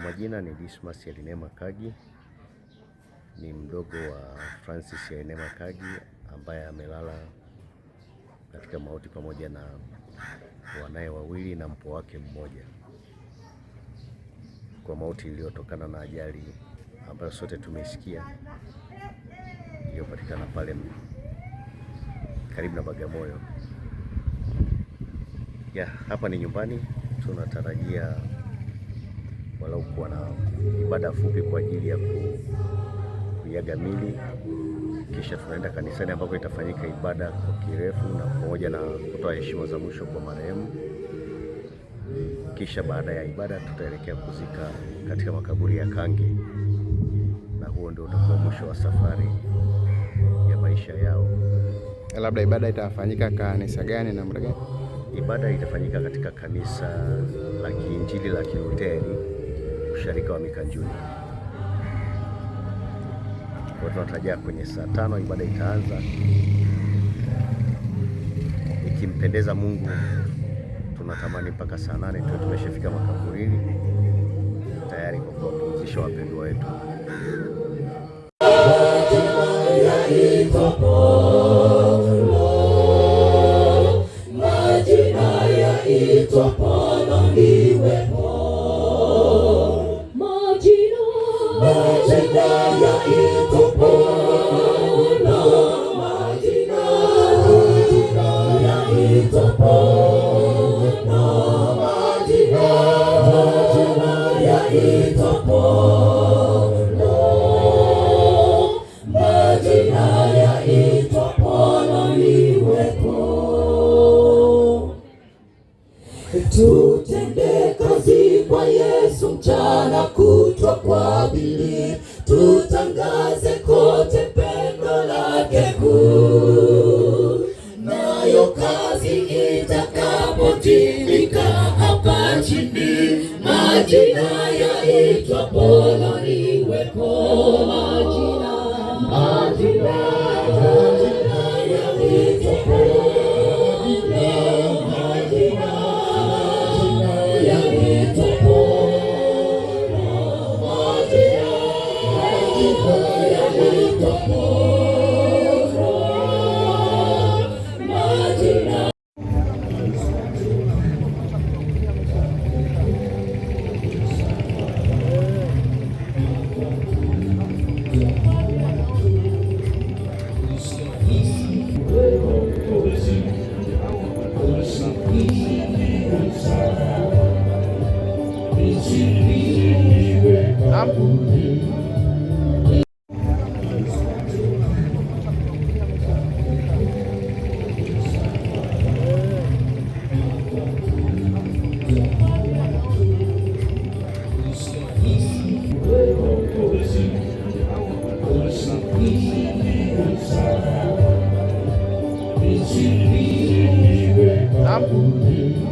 Kwa majina ni Dismas Elinema Kagi, ni mdogo wa Francis Elinema Kagi ambaye amelala katika mauti pamoja na wanaye wawili na mpwa wake mmoja kwa mauti iliyotokana na ajali ambayo sote tumeisikia iliyopatikana pale karibu na Bagamoyo. Ya, hapa ni nyumbani tunatarajia walau kuwa na ibada fupi kwa ajili ya kuiaga mili, kisha tunaenda kanisani ambako itafanyika ibada kwa kirefu na pamoja na kutoa heshima za mwisho kwa marehemu. Kisha baada ya ibada tutaelekea kuzika katika makaburi ya Kange, na huo ndio utakuwa mwisho wa safari ya maisha yao. Labda ibada itafanyika kanisa gani na muda gani? Ibada itafanyika katika kanisa la Kiinjili la Kiluteri usharika wa Mikanjuni. Kwa tunatarajia kwenye saa tano ibada itaanza, ikimpendeza Mungu tunatamani mpaka saa nane tuwe tumeshafika makaburini tayari kwa kuwapumzisha wapendwa wetu. Tutende kazi kwa Yesu mchana yangu, nayo kazi itakapotimika hapa majina yaitwapo yaliwekwa majina, majina tá? Tá?